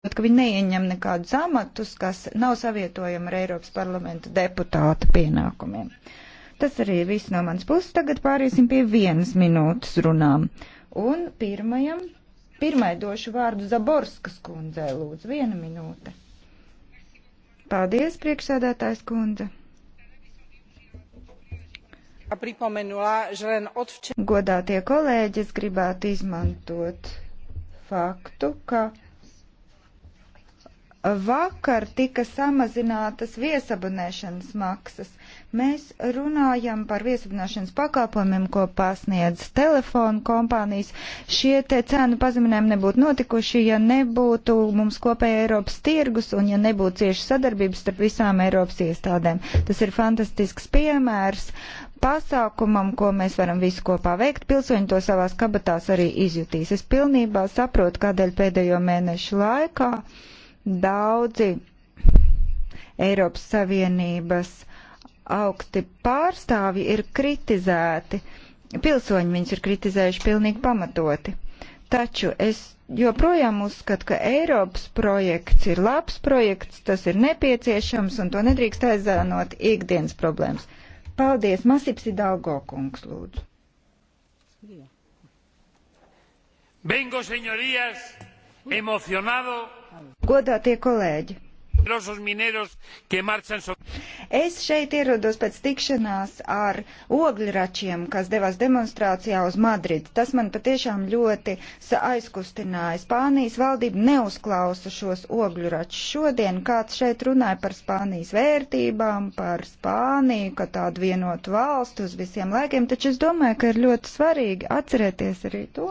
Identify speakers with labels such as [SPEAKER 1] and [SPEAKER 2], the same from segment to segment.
[SPEAKER 1] saprotat, ka viņi neieņem nekādus amatus, kas nav savietojami ar Eiropas parlamenta deputāta pienākumiem. Tas arī viss no manas puses. Tagad pāriesim pie vienas minūtes runām. Un pirmajam, pirmai došu vārdu Zaborskas kundzē, lūdzu, viena minūte. Paldies, priekšsēdētājs kundze. Godātie kolēģi, es gribētu izmantot faktu, ka Vakar tika samazinātas viesabunēšanas maksas. Mēs runājam par viesabunēšanas pakalpojumiem, ko pasniedz telefonu kompānijas. Šie te cēnu pazeminājumi nebūtu notikuši, ja nebūtu mums kopēja Eiropas tirgus un ja nebūtu cieši sadarbības starp visām Eiropas iestādēm. Tas ir fantastisks piemērs pasākumam, ko mēs varam visu kopā veikt. Pilsoņi to savās kabatās arī izjutīs. Es pilnībā saprotu, kādēļ pēdējo mēnešu laikā. Daudzi Eiropas Savienības augsti pārstāvji ir kritizēti. Pilsoņi viņus ir kritizējuši pilnīgi pamatoti. Taču es joprojām uzskatu, ka Eiropas projekts ir labs projekts, tas ir nepieciešams un to nedrīkst aizēnot ikdienas problēmas. Paldies, Masips Idalgo kungs, lūdzu.
[SPEAKER 2] Vengo, señorías, emocionado
[SPEAKER 1] Godātie kolēģi! Es šeit ierados pēc tikšanās ar ogļračiem, kas devās demonstrācijā uz Madridu. Tas man patiešām ļoti aizkustināja. Spānijas valdība neuzklausa šos ogļračus. Šodien kāds šeit runāja par Spānijas vērtībām, par Spāniju, ka tādu vienotu valstu uz visiem laikiem, taču es domāju, ka ir ļoti svarīgi atcerēties arī to,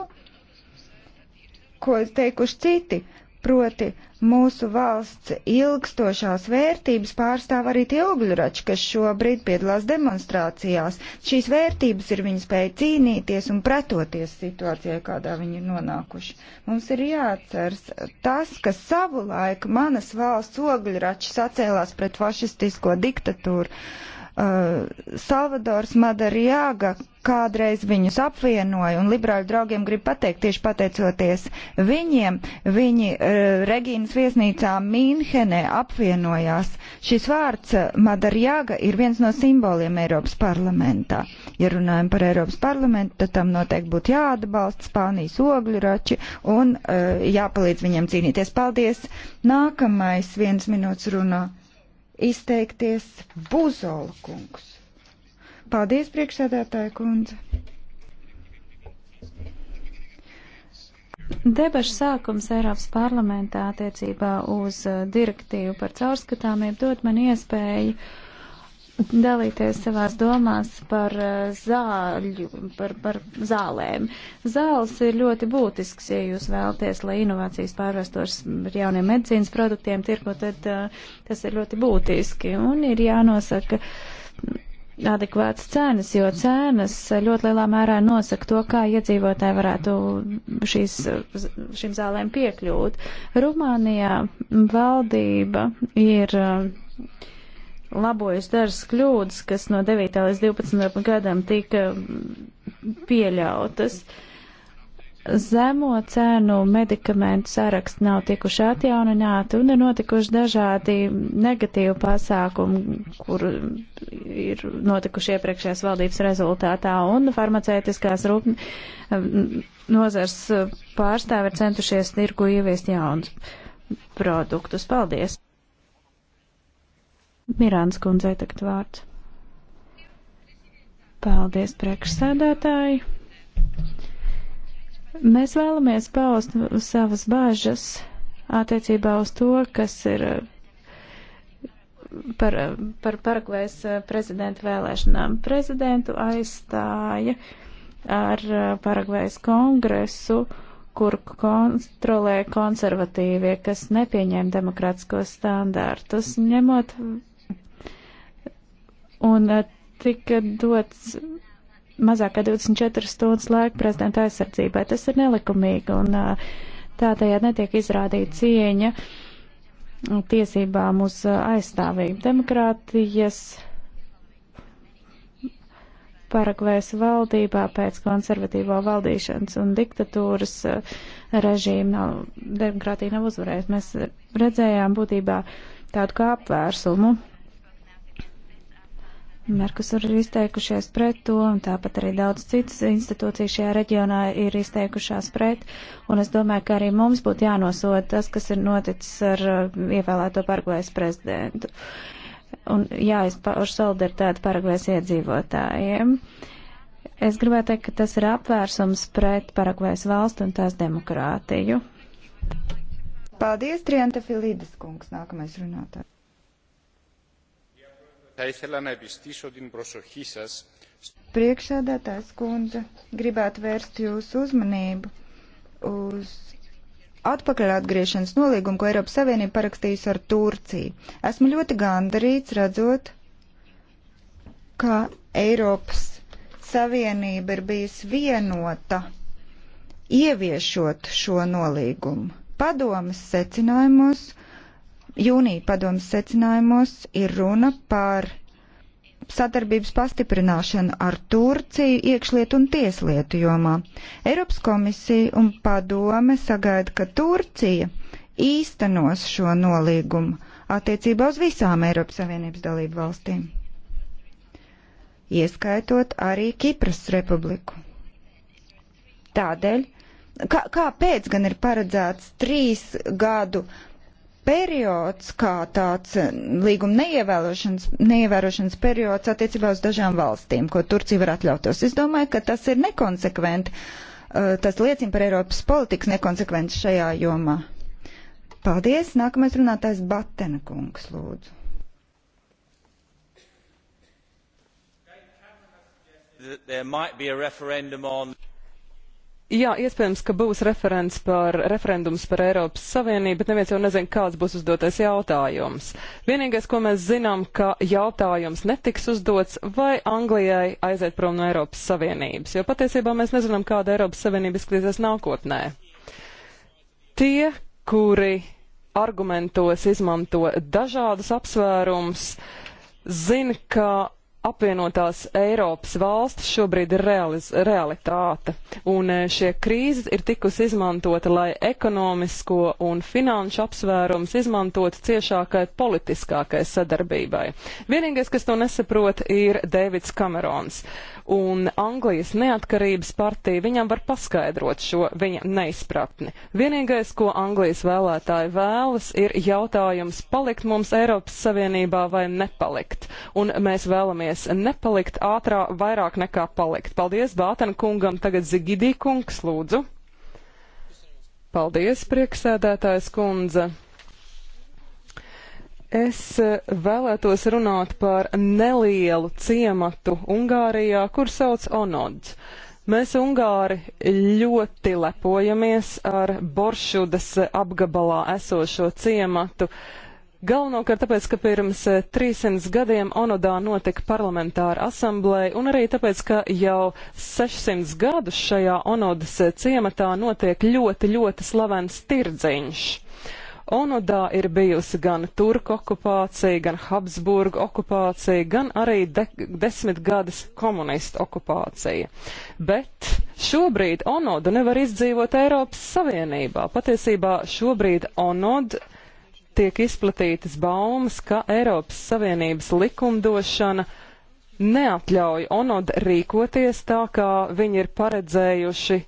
[SPEAKER 1] ko es teikuši citi Proti mūsu valsts ilgstošās vērtības pārstāv arī tie ogļurači, kas šobrīd piedalās demonstrācijās. Šīs vērtības ir viņa spēja cīnīties un pretoties situācijai, kādā viņi ir nonākuši. Mums ir jāatceras tas, ka savulaik manas valsts ogļurači sacēlās pret fašistisko diktatūru. Uh, Eh, Salvadors Madariaga kādreiz viņus apvienoja, un liberāļu draugiem grib pateikt, tieši pateicoties viņiem, viņi uh, Regīnas viesnīcā Mīnhenē apvienojās. Šis vārds eh, Madarjaga ir viens no simboliem Eiropas parlamentā. Ja runājam par Eiropas parlamentu, tad tam noteikti būtu jāatbalsta Spānijas ogļu rači un uh, jāpalīdz viņiem cīnīties. Paldies! Nākamais viens minūtes runā izteikties Buzola kungs.
[SPEAKER 3] Paldies, priekšsēdētāja kundze. Debašu sākums Eiropas parlamentā attiecībā uz uh, direktīvu par caurskatāmību dod man iespēju uh, dalīties savās domās par, eh, zāļu, par, par zālēm. Zāles ir ļoti būtisks, ja jūs vēlaties, lai inovācijas pārvestos ar jauniem medicīnas produktiem tirko, tad uh, tas ir ļoti būtiski un ir jānosaka adekvāts cenas, jo cenas ļoti lielā mērā nosaka to, kā iedzīvotāji varētu šīs, šīm zālēm piekļūt. Rumānijā valdība ir uh, labojas dažas kļūdas, kas no 9. līdz 12. gadam tika mm, pieļautas. Zemo cēnu medikamentu saraksti nav tikuši atjaunināti un ir notikuši dažādi negatīvi pasākumi, kur ir notikuši iepriekšējās valdības rezultātā un farmaceitiskās rūp mm, nozars pārstāvi ir centušies tirgu ieviest jaunus produktus. Paldies! Mirāns kundzei tagad vārds. Paldies, priekšsēdētāji! Mēs vēlamies paust savas bāžas attiecībā uz to, kas ir eh, par, par Paragvajas eh, prezidentu vēlēšanām. Prezidentu aizstāja ar eh, Paragvajas kongresu, kur kontrolē konservatīvie, kas nepieņēma demokrātiskos standārtus, ņemot un eh, tika dots mazāk kā 24 stundas laika prezidenta aizsardzībai. Tas ir nelikumīgi, un eh, tādējādi netiek izrādīta cieņa tiesībām uz eh, aizstāvību. Demokrātijas Paragvēs valdībā pēc konservatīvo valdīšanas un diktatūras režīma nav, demokrātija nav uzvarējusi. Mēs redzējām būtībā tādu kā apvērsumu Merkusur ir izteikušies pret to, un tāpat arī daudz citas institūcijas šajā reģionā ir izteikušās pret, un es domāju, ka arī mums būtu jānosod tas, kas ir noticis ar uh, ievēlēto Paragvajas prezidentu. Un jāizpauž solidaritāti Paragvajas iedzīvotājiem. Es gribētu teikt, ka tas ir apvērsums pret Paragvajas valstu un tās demokrātiju. Paldies, Trienta
[SPEAKER 1] Filīdes kungs, nākamais runātājs θα ήθελα να επιστήσω την προσοχή σας. Priekšsēdētājs kundze, gribētu vērst jūsu uzmanību uz atpakaļ atgriešanas nolīgumu, ko Eiropas Savienība parakstījusi ar Turciju. Esmu ļoti gandarīts redzot, ka Eiropas Savienība ir bijusi vienota ieviešot šo nolīgumu. Padomas secinājumos Jūnija padomas secinājumos ir runa par sadarbības pastiprināšanu ar Turciju iekšlietu un tieslietu jomā. Eiropas komisija un padome sagaida, ka Turcija īstenos šo nolīgumu attiecībā uz visām Eiropas Savienības dalību valstīm, ieskaitot arī Kipras republiku. Tādēļ, kā, kāpēc gan ir paredzēts trīs gadu periods, kā tāds eh, līguma neievērošanas, neievērošanas periods attiecībā uz dažām valstīm, ko Turcija var atļautos. Es domāju, ka tas ir nekonsekventi. Eh, tas liecina par Eiropas politikas nekonsekvenci šajā jomā. Paldies. Nākamais runātājs Batena kungs, lūdzu.
[SPEAKER 3] On...
[SPEAKER 2] Jā, iespējams, ka būs referents par referendums par Eiropas Savienību, bet neviens jau nezin, kāds būs uzdotais jautājums. Vienīgais, ko mēs zinām, ka jautājums netiks uzdots, vai Anglijai aiziet prom no Eiropas Savienības, jo patiesībā mēs nezinām, kāda Eiropas Savienība izskatīsies nākotnē. Tie, kuri argumentos izmanto dažādus apsvērums, zina, ka apvienotās Eiropas valstis šobrīd ir realiz, realitāte, un e, šie krīzes ir tikusi izmantota, lai ekonomisko un finanšu apsvērums izmantotu ciešākai politiskākai sadarbībai. Vienīgais, kas to nesaprot, ir Dēvids Kamerons un Anglijas neatkarības partija viņam var paskaidrot šo viņa neizpratni. Vienīgais, ko Anglijas vēlētāji vēlas, ir jautājums palikt mums Eiropas Savienībā vai nepalikt. Un mēs vēlamies nepalikt ātrā vairāk nekā palikt. Paldies Bātena kungam, tagad Zigidī kungs, lūdzu. Paldies, prieksēdētājs kundze. Es e, vēlētos runāt par nelielu ciematu Ungārijā, kur sauc Onods. Mēs Ungāri ļoti lepojamies ar Boršudas apgabalā esošo ciematu. Galvenokārt tāpēc, ka pirms 300 e, gadiem Onodā notika parlamentāra asamblēja, un arī tāpēc, ka jau 600 gadus šajā Onodas ciematā notiek ļoti, ļoti slavens tirdziņš. Onudā ir bijusi gan turku okupācija, gan Habsburgu okupācija, gan arī de desmitgades komunistu okupācija. Bet šobrīd Onodu nevar izdzīvot Eiropas Savienībā. Patiesībā šobrīd Onodu tiek izplatītas baumas, ka Eiropas Savienības likumdošana neatļauj Onod rīkoties tā, kā viņi ir paredzējuši,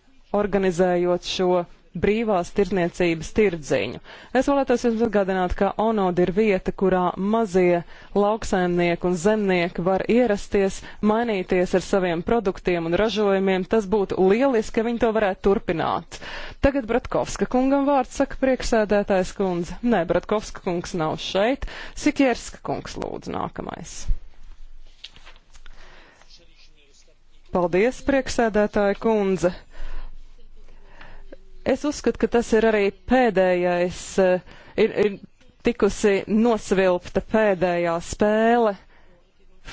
[SPEAKER 2] organizējot šo brīvās tirdzniecības tirdziņu. Es vēlētos jums atgādināt, ka Onod ir vieta, kurā mazie lauksaimnieki un zemnieki var ierasties, mainīties ar saviem produktiem un ražojumiem. Tas būtu lieliski, ka viņi to varētu turpināt. Tagad Bratkovska kungam vārds saka prieksēdētājs kundze. Nē, Bratkovska kungs nav šeit. Sikierska kungs lūdzu nākamais. Paldies, prieksēdētāja kundze. Es uzskatu, ka tas ir arī pēdējais, eh, ir, ir tikusi nosvilpta pēdējā spēle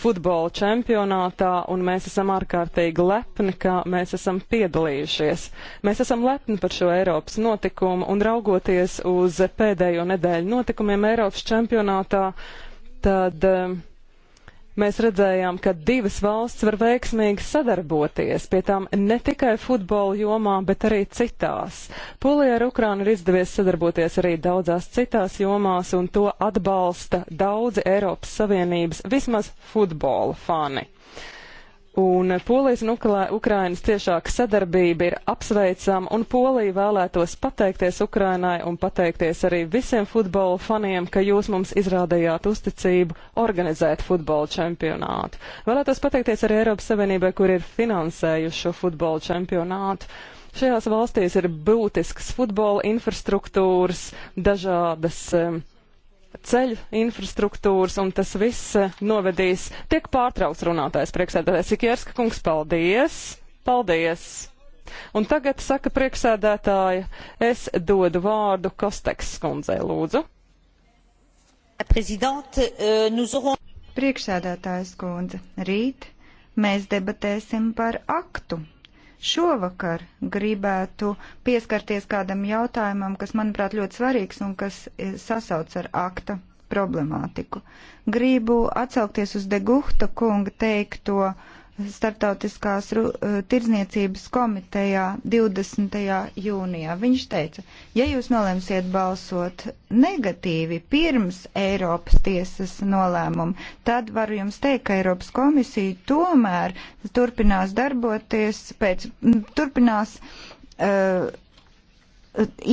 [SPEAKER 2] futbola čempionātā, un mēs esam ārkārtīgi lepni, ka mēs esam piedalījušies. Mēs esam lepni par šo Eiropas notikumu, un raugoties uz pēdējo nedēļu notikumiem Eiropas čempionātā, tad um, Mēs redzējām, ka divas valsts var veiksmīgi sadarboties, pie tām ne tikai futbola jomā, bet arī citās. Polijā ar Ukrānu ir izdevies sadarboties arī daudzās citās jomās, un to atbalsta daudzi Eiropas Savienības vismaz futbola fani. Un Polijas un Ukrainas tiešāka sadarbība ir apsveicama, un Polija vēlētos pateikties Ukrainai un pateikties arī visiem futbola faniem, ka jūs mums izrādījāt uzticību organizēt futbola čempionātu. Vēlētos pateikties arī Eiropas Savienībai, kur ir finansējuši šo futbola čempionātu. Šajās valstīs ir būtisks futbola infrastruktūras, dažādas um, ceļu infrastruktūras, un tas viss eh, novedīs. Tiek pārtrauks runātājs priekšsēdētājs Ikierska kungs, paldies! Paldies! Un tagad saka priekšsēdētāja, es dodu vārdu Kosteks skundzei, lūdzu.
[SPEAKER 1] Euh, priekšsēdētājs skundze, rīt mēs debatēsim par aktu Šovakar gribētu pieskarties kādam jautājumam, kas, manuprāt, ļoti svarīgs un kas e, sasauc ar akta problemātiku. Gribu atsaukties uz Degūta kunga teikto Startautiskās eh, tirdzniecības komitejā 20. jūnijā. Viņš teica, ja jūs nolemsiet balsot negatīvi pirms Eiropas tiesas nolēmuma, tad varu jums teikt, ka Eiropas komisija tomēr turpinās darboties, pēc, turpinās. Uh,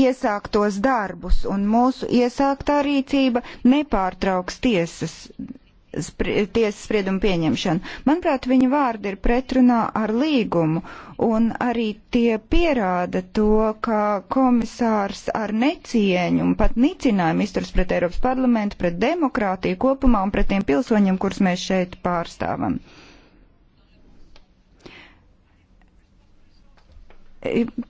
[SPEAKER 1] iesāktos darbus, un mūsu iesāktā rīcība nepārtrauks tiesas spri tiesas spriedumu pieņemšanu. Manuprāt, viņa vārdi ir pretrunā ar līgumu, un arī tie pierāda to, ka komisārs ar necieņu un pat nicinājumu izturs pret Eiropas parlamentu, pret demokrātiju kopumā un pret tiem pilsoņiem, kurus mēs šeit pārstāvam.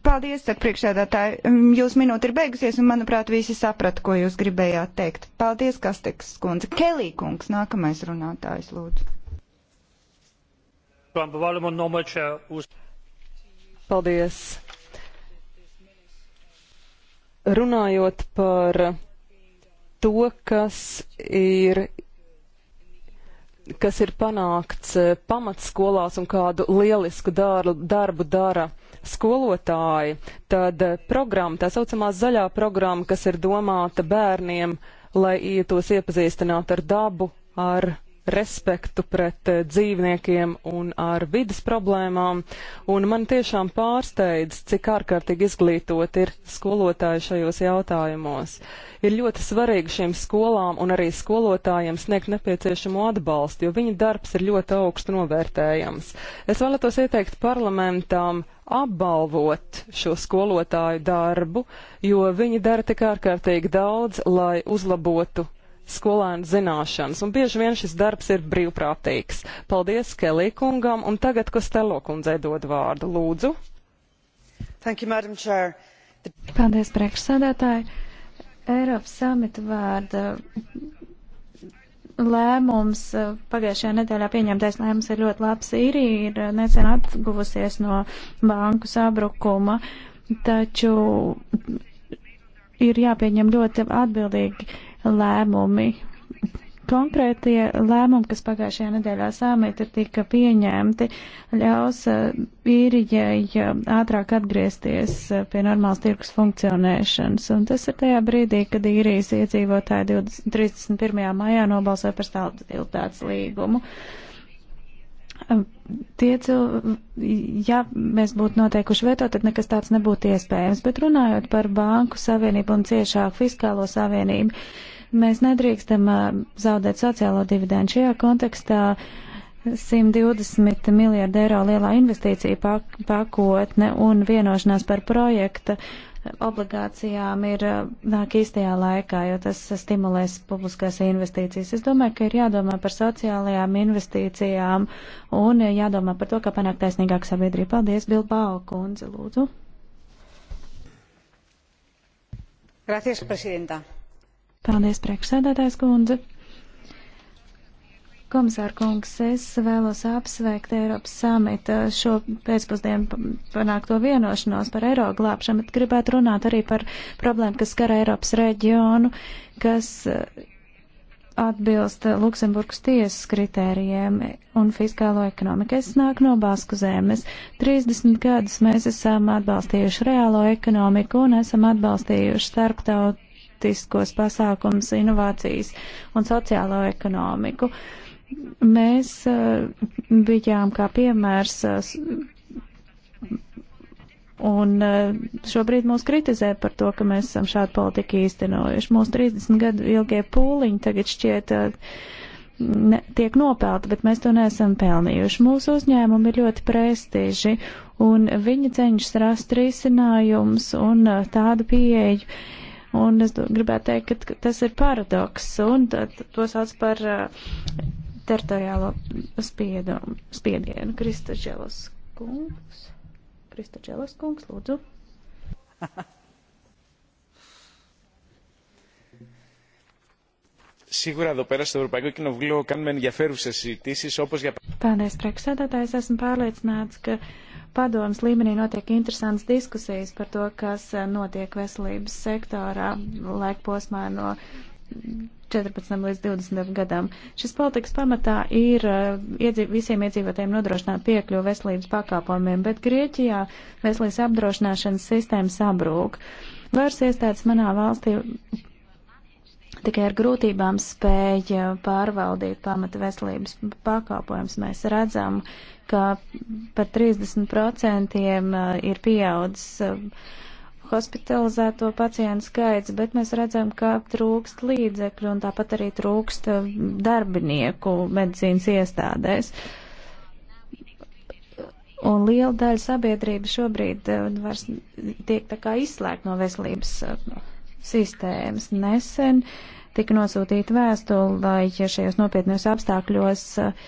[SPEAKER 1] Paldies, saka priekšsēdētāji. Mm, jūs minūte ir beigusies, un, manuprāt, visi saprata, ko jūs gribējāt teikt. Paldies, Kasteks kundze. Kelī kungs, nākamais runātājs, lūdzu.
[SPEAKER 2] Paldies. Runājot par to, kas ir kas ir panākts eh, pamatskolās un kādu lielisku dāru, darbu dara skolotāji, tad eh, programma, tā saucamā zaļā programma, kas ir domāta bērniem, lai tos iepazīstinātu ar dabu, ar respektu pret eh, dzīvniekiem un ar vidas problēmām, un man tiešām pārsteidz, cik ārkārtīgi izglītot ir skolotāji šajos jautājumos. Ir ļoti svarīgi šīm skolām un arī skolotājiem sniegt nepieciešamo atbalstu, jo viņa darbs ir ļoti augstu novērtējams. Es vēlētos ieteikt parlamentam apbalvot šo skolotāju darbu, jo viņi dara tik ārkārtīgi daudz, lai uzlabotu skolēnu zināšanas, un bieži vien šis darbs ir brīvprātīgs. Paldies Kelī kungam, un tagad Kostelo kundzei dod vārdu. Lūdzu. Thank you, Madam Chair.
[SPEAKER 3] The... Paldies, priekšsēdētāji. Eiropas samita vārda lēmums uh, pagājušajā nedēļā pieņemtais lēmums ir ļoti labs. Īrija ir uh, nesen atguvusies no banku sabrukuma, taču ir jāpieņem ļoti atbildīgi lēmumi. Konkrētie lēmumi, kas pagājušajā nedēļā samita tika pieņemti, ļaus uh, īrijai uh, ātrāk atgriezties uh, pie normālas tirkus funkcionēšanas. Un tas ir tajā brīdī, kad īrijas iedzīvotāji 20, 31. maijā nobalsoja par stabilitātes līgumu. Um, tie cilvēki, ja mēs būtu noteikuši veto, tad nekas tāds nebūtu iespējams. Bet runājot par banku savienību un ciešāku fiskālo savienību, uh, Mēs nedrīkstam zaudēt sociālo dividendu šajā kontekstā. 120 miljārdu eiro lielā investīcija pak pakotne un vienošanās par projekta obligācijām ir nāk īstajā laikā, jo tas stimulēs publiskās investīcijas. Es domāju, ka ir jādomā par sociālajām investīcijām un jādomā par to, kā panākt taisnīgāku sabiedrību. Paldies, Bilbao kundze, lūdzu.
[SPEAKER 1] Gracias, presidenta.
[SPEAKER 3] Paldies, priekšsēdētājs kundze. Komisāra kungs, es vēlos apsveikt Eiropas samita šo pēcpusdienu panākto vienošanos par eiro glābšanu, bet gribētu runāt arī par problēmu, kas skara Eiropas reģionu, kas eh, atbilst Luksemburgas tiesas kritērijiem un fiskālo ekonomiku. Es nāku no Basku zemes. 30 gadus mēs esam atbalstījuši reālo ekonomiku un esam atbalstījuši starptaut politiskos pasākums, inovācijas un sociālo ekonomiku. Mēs eh, bijām kā piemērs eh, Un eh, šobrīd mūs kritizē par to, ka mēs esam šādu politiku īstenojuši. Mūsu 30 gadu ilgie pūliņi tagad šķiet ne, tiek nopelti, bet mēs to neesam pelnījuši. Mūsu uzņēmumi ir ļoti prestiži, un viņi cenšas rast risinājums un tādu pieeju Un es gribētu teikt, ka tas ir paradoks, un tad to sauc par uh, teritoriālo spiedumu, spiedienu. Kristaģelos kungs. Kristaģelos kungs, lūdzu.
[SPEAKER 1] Σίγουρα εδώ πέρα στο Ευρωπαϊκό Κοινοβούλιο κάνουμε ενδιαφέρουσε συζητήσει όπω για.
[SPEAKER 3] Paldies, priekšsēdētājs. Esmu pārliecināts, ka uh, padomas līmenī notiek interesants diskusijas par to, kas eh, notiek veselības sektorā laika posmā no 14 līdz 20 gadam. Šis politikas pamatā ir eh, iedzīv, visiem iedzīvotājiem nodrošināt piekļuvu veselības pakāpojumiem, bet Grieķijā veselības apdrošināšanas sistēma sabrūk. Varas iestādes manā valstī tikai ar grūtībām spēja eh, pārvaldīt pamata veselības pakalpojums. Mēs redzam, ka par 30% eh, ir pieaudzis eh, hospitalizēto pacientu skaits, bet mēs redzam, ka trūkst līdzekļu un tāpat arī trūkst darbinieku medicīnas iestādēs. Un liela daļa sabiedrības šobrīd vairs tiek tā kā izslēgt no veselības sistēmas. Nesen tika nosūtīta vēstule, lai ja šajos nopietnos apstākļos uh,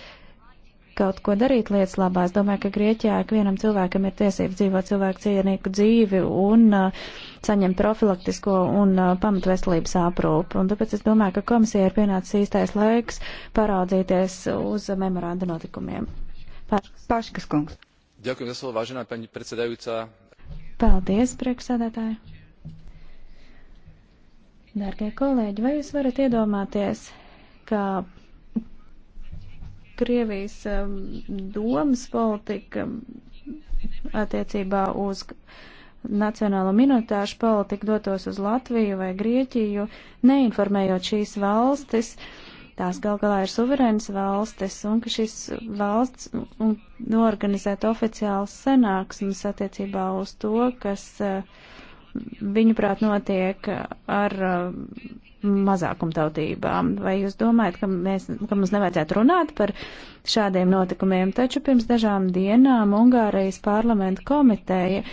[SPEAKER 3] kaut ko darīt lietas labā. Es domāju, ka Grieķijā ikvienam cilvēkam ir tiesības dzīvot cilvēku cienīgu dzīvi un uh, saņemt profilaktisko un uh, pamatveselības aprūpu. Un tāpēc es domāju, ka komisija ir pienācis īstais laiks paraudzīties uz memoranda notikumiem. Paškas, Paškas kungs. Ďakujem za slovo, vážená pani predsedajúca. Paldies, priekšsēdētāji. Dārgie kolēģi, vai jūs varat iedomāties, ka Krievijas um, domas politika attiecībā uz nacionālo minoritāšu politiku dotos uz Latviju vai Grieķiju, neinformējot šīs valstis, tās gal galā ir suverēnas valstis, un ka šis valsts norganizēt oficiāls senāksmes attiecībā uz to, kas uh, viņuprāt, notiek ar uh, mazākumtautībām. Vai jūs domājat, ka, mēs, ka mums nevajadzētu runāt par šādiem notikumiem? Taču pirms dažām dienām Ungārijas parlamenta komiteja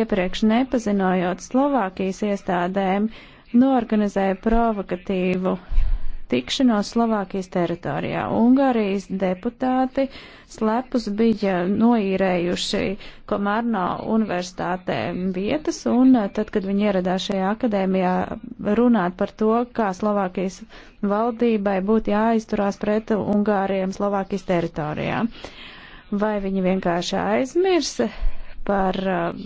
[SPEAKER 3] iepriekš nepazinojot Slovākijas iestādēm, norganizēja provokatīvu tikšanos Slovākijas teritorijā. Ungārijas deputāti slepus bija noīrējuši Komārno universitātē vietas, un tad, kad viņi ieradās šajā akadēmijā runāt par to, kā Slovākijas valdībai būtu jāizturās pret Ungāriem Slovākijas teritorijā. Vai viņi vienkārši aizmirs par uh,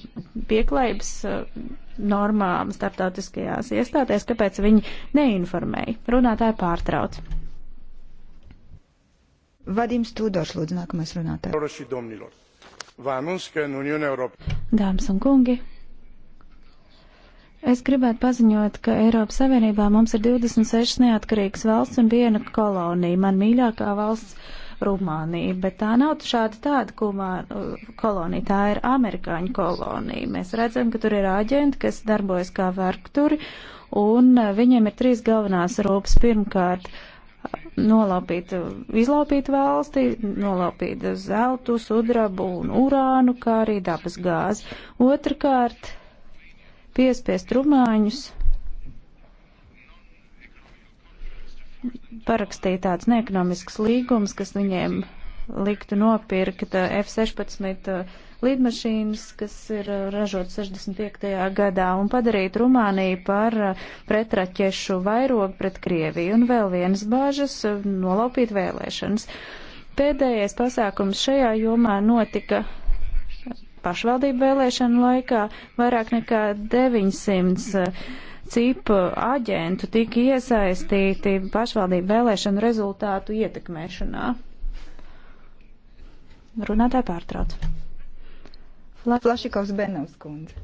[SPEAKER 3] pieklājības uh, normām starptautiskajās iestādēs, kāpēc viņi neinformēja. Runātāji pārtrauc.
[SPEAKER 1] Vadims Tūdošs, lūdzu, nākamais runātājs.
[SPEAKER 3] Dāmas un kungi, es gribētu paziņot, ka Eiropas Savienībā mums ir 26 neatkarīgas valsts un viena kolonija. Man mīļākā valsts Rumāniju, bet tā nav šāda tāda kumā, nu, kolonija, tā ir amerikāņu kolonija. Mēs redzam, ka tur ir āģenti, kas darbojas kā verkturi, un eh, viņiem ir trīs galvenās rūpes. Pirmkārt, nolaupīt, izlaupīt valsti, nolaupīt zeltu, sudrabu un urānu, kā arī dabas gāzi. Otrakārt, piespiest rumāņus parakstīja tāds neekonomisks līgums, kas viņiem liktu nopirkt eh, F-16 eh, lidmašīnas, kas ir eh, ražot 65. gadā, un padarīt Rumāniju par pretraķešu vairogu pret Krieviju, un vēl vienas bāžas nolaupīt vēlēšanas. Pēdējais pasākums šajā jomā notika pašvaldību vēlēšanu laikā vairāk nekā 900 cipu aģentu tika iesaistīti pašvaldību vēlēšanu rezultātu ietekmēšanā. Runātāja pārtrauc.
[SPEAKER 1] Fla Flašikovs Benovs kundze.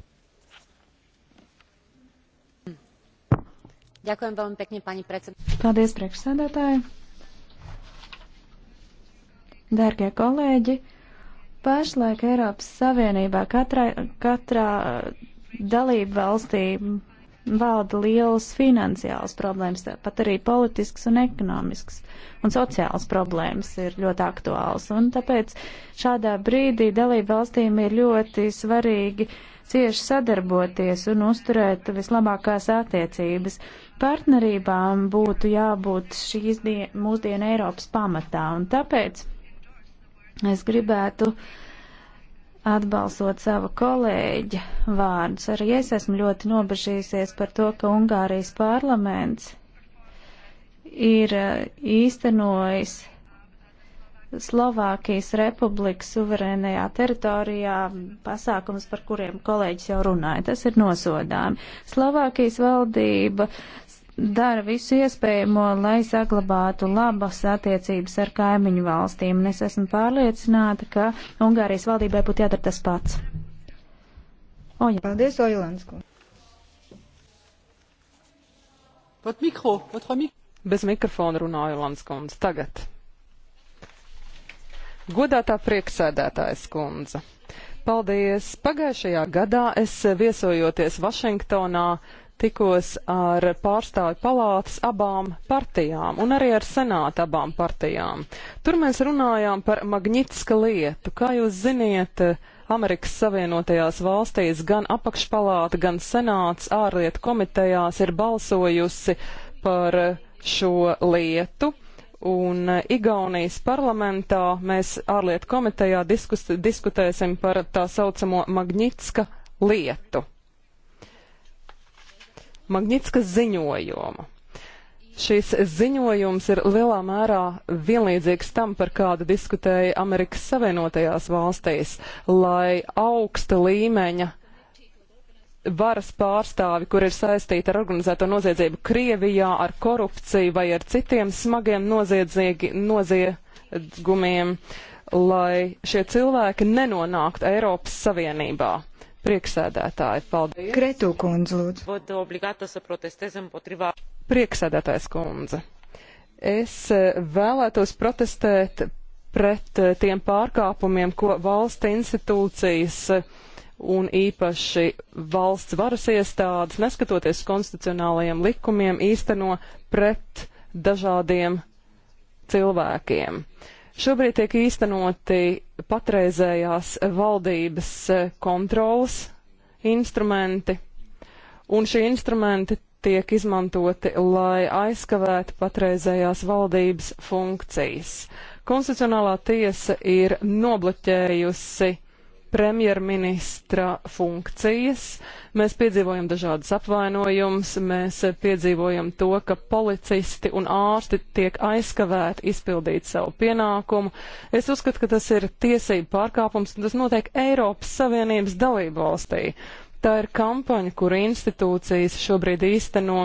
[SPEAKER 2] Ďakujem veľmi pekne, pani predsedajúca.
[SPEAKER 3] Paldies, priekšsēdētāji. Dārgie kolēģi, pašlaik Eiropas Savienībā katrā, katrā dalība valstī valda lielas finansiālas problēmas, pat arī politiskas un ekonomiskas un sociālas problēmas ir ļoti aktuāls. Un tāpēc šādā brīdī dalību valstīm ir ļoti svarīgi cieši sadarboties un uzturēt vislabākās attiecības. Partnerībām būtu jābūt šīs dien, mūsdienu Eiropas pamatā, un tāpēc es gribētu uh, atbalstot savu kolēģi vārdus. Arī es esmu ļoti nobežījusies par to, ka Ungārijas parlaments ir eh, īstenojis Slovākijas republikas suverēnajā teritorijā pasākums, par kuriem kolēģis jau runāja. Tas ir nosodāmi. Slovākijas valdība dara visu iespējamo, lai saglabātu labas attiecības ar kaimiņu valstīm. Un es esmu pārliecināta, ka Ungārijas valdībai būtu jādara tas pats. Oja. Paldies, Oilansko.
[SPEAKER 2] Pat mikro, pat mikro. Bez mikrofona runāja Landskundze. Tagad. Godātā prieksēdētājas kundze. Paldies! Pagājušajā gadā es viesojoties Vašingtonā tikos ar pārstāvi palātas abām partijām un arī ar senātu abām partijām. Tur mēs runājām par Magnitska lietu. Kā jūs ziniet, Amerikas Savienotajās valstīs gan apakšpalāta, gan senāts ārlietu komitejās ir balsojusi par šo lietu. Un Igaunijas parlamentā mēs ārlietu komitejā diskus, diskutēsim par tā saucamo Magnitska lietu. Magnitskas ziņojumu. Šis ziņojums ir lielā mērā vienlīdzīgs tam, par kādu diskutēja Amerikas Savienotajās valstīs, lai augsta līmeņa varas pārstāvi, kur ir saistīti ar organizēto noziedzību Krievijā, ar korupciju vai ar citiem smagiem noziegumiem, lai šie cilvēki nenonāktu Eiropas Savienībā. Prieksēdētāji, paldies. Kretu kundze,
[SPEAKER 3] lūdzu.
[SPEAKER 2] Prieksēdētājs kundze. Es e, vēlētos protestēt pret e, tiem pārkāpumiem, ko valsts institūcijas e, un īpaši valsts varas iestādes, neskatoties konstitucionālajiem likumiem, īsteno pret dažādiem cilvēkiem. Uh, Šobrīd tiek īstenoti patreizējās valdības e, kontrolas instrumenti, un šie instrumenti tiek izmantoti, lai aizkavētu patreizējās valdības funkcijas. Konstitucionālā tiesa ir nobloķējusi premjerministra funkcijas. Mēs piedzīvojam dažādas apvainojumus, mēs piedzīvojam to, ka policisti un ārsti tiek aizkavēti izpildīt savu pienākumu. Es uzskatu, ka tas ir tiesību pārkāpums, un tas notiek Eiropas Savienības dalību valstī. Tā ir kampaņa, kur institūcijas šobrīd īsteno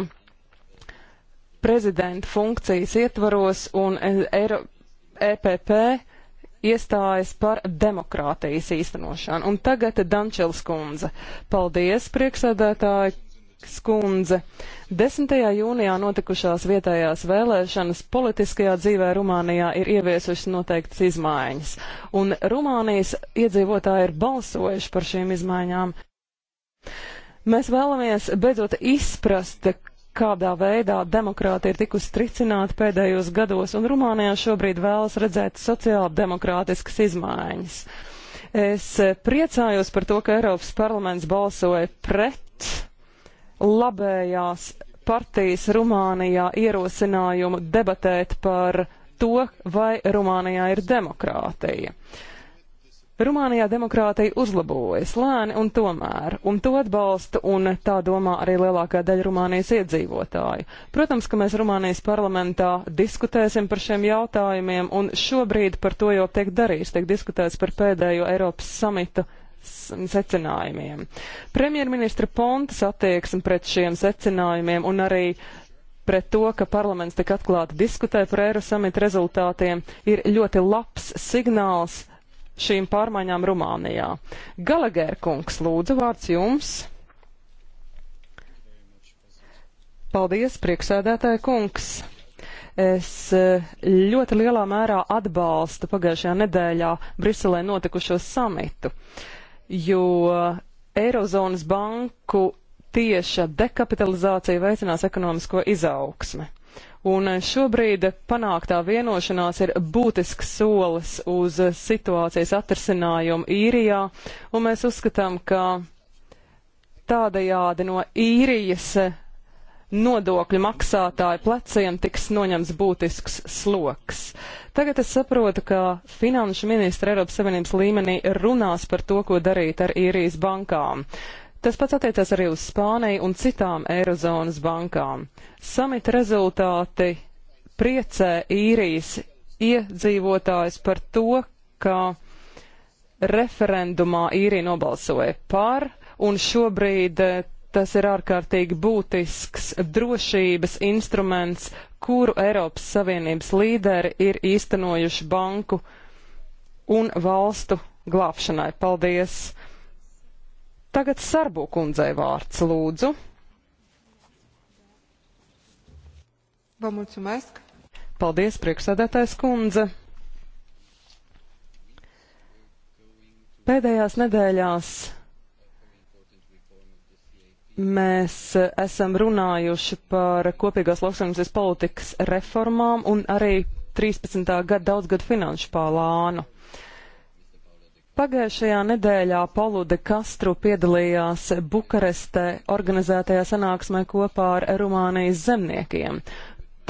[SPEAKER 2] prezidenta funkcijas ietvaros un Eiro EPP iestājas par demokrātijas īstenošanu. Un tagad Dančels kundze. Paldies, prieksēdētāji skundze. 10. jūnijā notikušās vietējās vēlēšanas politiskajā dzīvē Rumānijā ir ieviesušas noteiktas izmaiņas, un Rumānijas iedzīvotāji ir balsojuši par šīm izmaiņām. Mēs vēlamies beidzot izprast, kādā veidā demokrātija ir tikusi tricināta pēdējos gados, un Rumānijā šobrīd vēlas redzēt sociāldemokrātiskas izmaiņas. Es priecājos par to, ka Eiropas parlaments balsoja pret labējās partijas Rumānijā ierosinājumu debatēt par to, vai Rumānijā ir demokrātija. Uh, Rumānijā demokrātija uzlabojas lēni un tomēr, un to atbalsta un tā domā arī lielākā daļa Rumānijas iedzīvotāju. Protams, ka mēs Rumānijas parlamentā diskutēsim par šiem jautājumiem, un šobrīd par to jau tiek darīts, tiek diskutēts par pēdējo Eiropas samitu secinājumiem. Premjerministra Pontas attieksme pret šiem secinājumiem un arī pret to, ka parlaments tik atklāti diskutē par Eirosamitu rezultātiem, ir ļoti labs signāls šīm pārmaiņām Rumānijā. Galagērkungs, lūdzu, vārds jums. Paldies, priekšsēdētāja kungs! Es eh, ļoti lielā mērā atbalstu pagājušajā nedēļā Briselē notikušo samitu, jo Eirozonas banku tieša dekapitalizācija veicinās ekonomisko izaugsmi. Un šobrīd panāktā vienošanās ir būtisks solis uz situācijas atrisinājumu īrijā, un mēs uzskatām, ka tādajādi no īrijas nodokļu maksātāju pleciem tiks noņemts būtisks sloks. Tagad es saprotu, ka finanšu ministra Eiropas Savienības līmenī runās par to, ko darīt ar īrijas bankām. Tas pats attiecas arī uz Spāniju un citām Eirozonas bankām. Samita rezultāti priecē īrijas iedzīvotājs par to, ka referendumā īrija nobalsoja par, un šobrīd eh, tas ir ārkārtīgi būtisks drošības instruments, kuru Eiropas Savienības līderi ir īstenojuši banku un valstu glābšanai. Paldies! Tagad Sarbu kundzei vārds lūdzu. Vă mulțumesc! Paldies, priekšsēdētājs kundze! Pēdējās nedēļās mēs esam runājuši par kopīgās lauksaimniecības politikas reformām un arī 13. gada daudzgadu finanšu plānu. Pagājušajā nedēļā Polude Kastru piedalījās Bukarestē organizētajā sanāksmē kopā ar Rumānijas zemniekiem.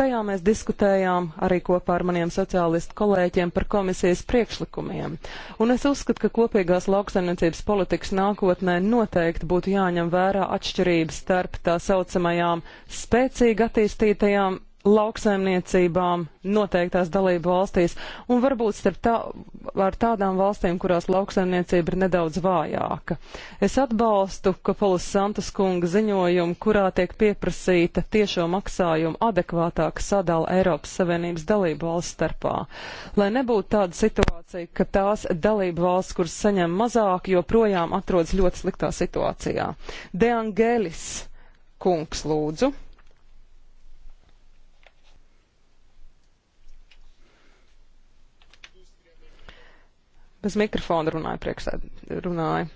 [SPEAKER 2] Tajā mēs diskutējām arī kopā ar maniem sociālistu kolēģiem par komisijas priekšlikumiem. Un es uzskatu, ka kopīgās lauksaimniecības politikas nākotnē noteikti būtu jāņem vērā atšķirības starp tā saucamajām spēcīgi attīstītajām lauksaimniecībām noteiktās dalību valstīs, un varbūt starp tā, ar tādām valstīm, kurās lauksaimniecība ir nedaudz vājāka. Es atbalstu Kapolas Santas kunga ziņojumu, kurā tiek pieprasīta tiešo maksājumu adekvātāka sadala Eiropas Savienības dalību valsts starpā. Lai nebūtu tāda situācija, ka tās dalību valsts, kuras saņem mazāk, joprojām atrodas ļoti sliktā situācijā. De Angelis kungs lūdzu. Uz mikrofonu runāja priekšsēd, runāja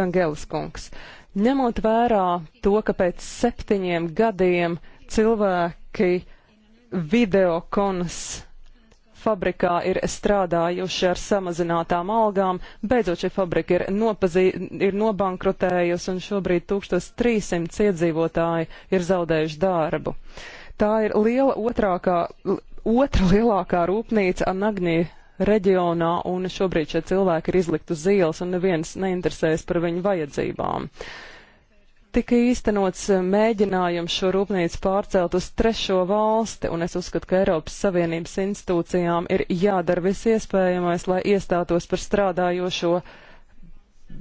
[SPEAKER 2] Dangelis kungs. Ņemot vērā to, ka pēc septiņiem gadiem cilvēki videokonas fabrikā ir strādājuši ar samazinātām algām. Beidzot šī fabrika ir, nopazī, ir nobankrotējusi un šobrīd 1300 iedzīvotāji ir zaudējuši darbu. Tā ir liela otrākā, otra lielākā rūpnīca Anagni reģionā, un šobrīd šie cilvēki ir izlikt uz ielas, un neviens neinteresējas par viņu vajadzībām. Tika īstenots mēģinājums šo rūpnīcu pārcelt uz trešo valsti, un es uzskatu, ka Eiropas Savienības institūcijām ir jādara viss iespējamais, lai iestātos par strādājošo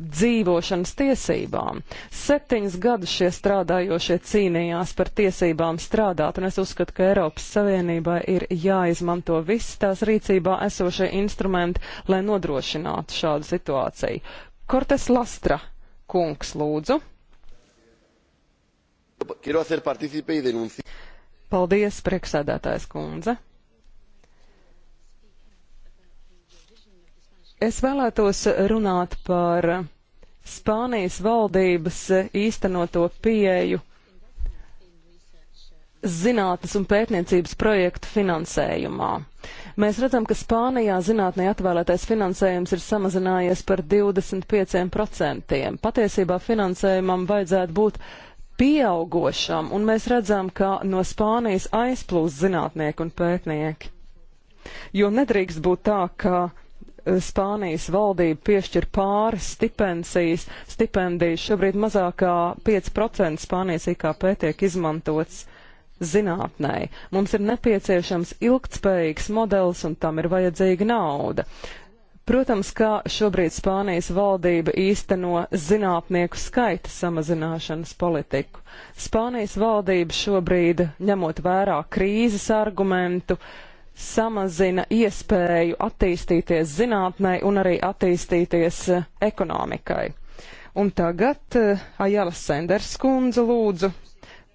[SPEAKER 2] dzīvošanas tiesībām. Septiņus gadus šie strādājošie cīnījās par tiesībām strādāt, un es uzskatu, ka Eiropas Savienībai ir jāizmanto viss tās rīcībā esošie instrumenti, lai nodrošinātu šādu situāciju. Kortes Lastra kungs, lūdzu. Paldies, priekšsēdētājs kundze. Es vēlētos runāt par Spānijas valdības īstenoto pieeju zinātnes un pētniecības projektu finansējumā. Mēs redzam, ka Spānijā zinātnē atvēlētais finansējums ir samazinājies par 25%. Patiesībā finansējumam vajadzētu būt pieaugošam, un mēs redzam, ka no Spānijas aizplūst zinātnieki un pētnieki. Jo nedrīkst būt tā, ka Spānijas valdība piešķir pāris stipendijas, stipendijas. Šobrīd mazākā 5% Spānijas IKP tiek izmantots zinātnē. Mums ir nepieciešams ilgtspējīgs modelis un tam ir vajadzīga nauda. Protams, kā šobrīd Spānijas valdība īsteno zinātnieku skaita samazināšanas politiku. Spānijas valdība šobrīd, ņemot vērā krīzes argumentu, uh, samazina iespēju attīstīties zinātnē un arī attīstīties eh, ekonomikai. Un tagad eh, Ajala Senders kundze lūdzu.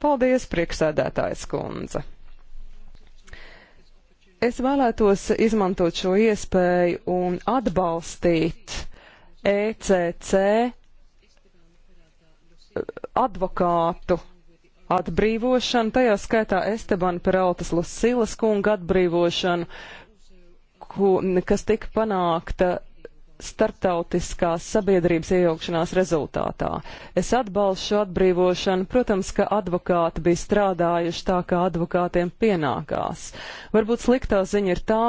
[SPEAKER 2] Paldies, prieksēdētājs kundze. Es vēlētos izmantot šo iespēju un atbalstīt ECC eh, advokātu atbrīvošanu, tajā skaitā Esteban Peraltas Lusilas kunga atbrīvošanu, ku, kas tika panākta starptautiskās sabiedrības iejaukšanās rezultātā. Es atbalstu šo atbrīvošanu, protams, ka advokāti bija strādājuši tā, kā advokātiem pienākās. Varbūt sliktā ziņa ir tā,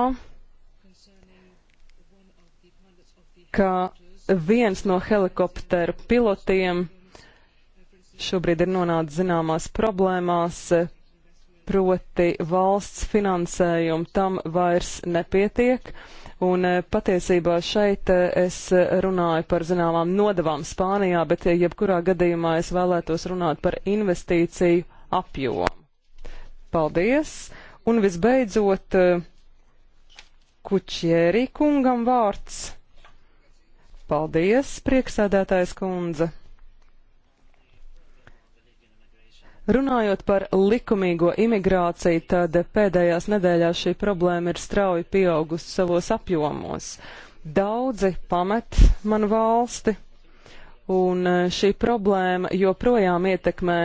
[SPEAKER 2] ka viens no helikopteru pilotiem šobrīd ir nonācis zināmās problēmās, proti valsts finansējumu tam vairs nepietiek. Un eh, patiesībā šeit eh, es runāju par zināmām nodavām Spānijā, bet eh, jebkurā gadījumā es vēlētos runāt par investīciju apjomu. Paldies! Un visbeidzot, Kučierī kungam vārds. Paldies, prieksēdētājs kundze! Runājot par likumīgo imigrāciju, tad pēdējās nedēļās šī problēma ir strauji pieaugusi savos apjomos. Daudzi pamet manu valsti, un eh, šī problēma joprojām ietekmē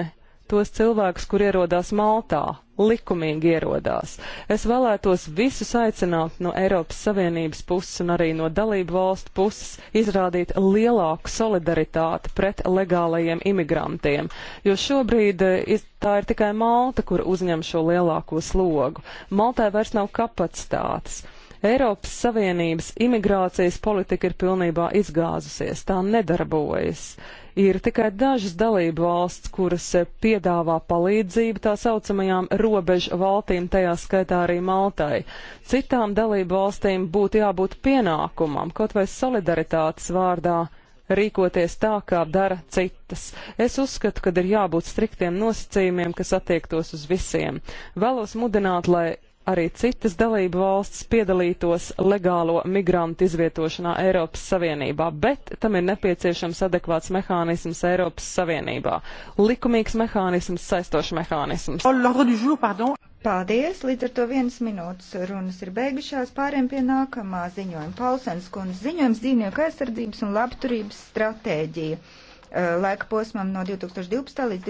[SPEAKER 2] tos cilvēkus, kur ierodās Maltā, likumīgi ierodās. Es vēlētos visus aicināt no Eiropas Savienības puses un arī no dalību valstu puses izrādīt lielāku solidaritāti pret legālajiem imigrantiem, jo šobrīd eh, tā ir tikai Malta, kur uzņem šo lielāko slogu. Maltai vairs nav kapacitātes. Eiropas Savienības imigrācijas politika ir pilnībā izgāzusies, tā nedarbojas. Ir tikai dažas dalību valsts, kuras eh, piedāvā palīdzību tā saucamajām robežu valstīm, tajā skaitā arī Maltai. Citām dalību valstīm būtu jābūt pienākumam, kaut vai solidaritātes vārdā, rīkoties tā, kā dara citas. Es uzskatu, ka ir jābūt striktiem nosacījumiem, kas attiektos uz visiem. Vēlos mudināt, lai arī citas dalību valsts piedalītos legālo migrantu izvietošanā Eiropas Savienībā, bet tam ir nepieciešams adekvāts mehānisms Eiropas Savienībā. Likumīgs mehānisms, saistošs mehānisms.
[SPEAKER 1] Paldies, līdz ar to vienas minūtes runas ir beigušās, pāriem pie nākamā ziņojuma. Pausens kundze ziņojums dzīvnieku aizsardzības un labturības stratēģija eh, laika posmam no 2012. līdz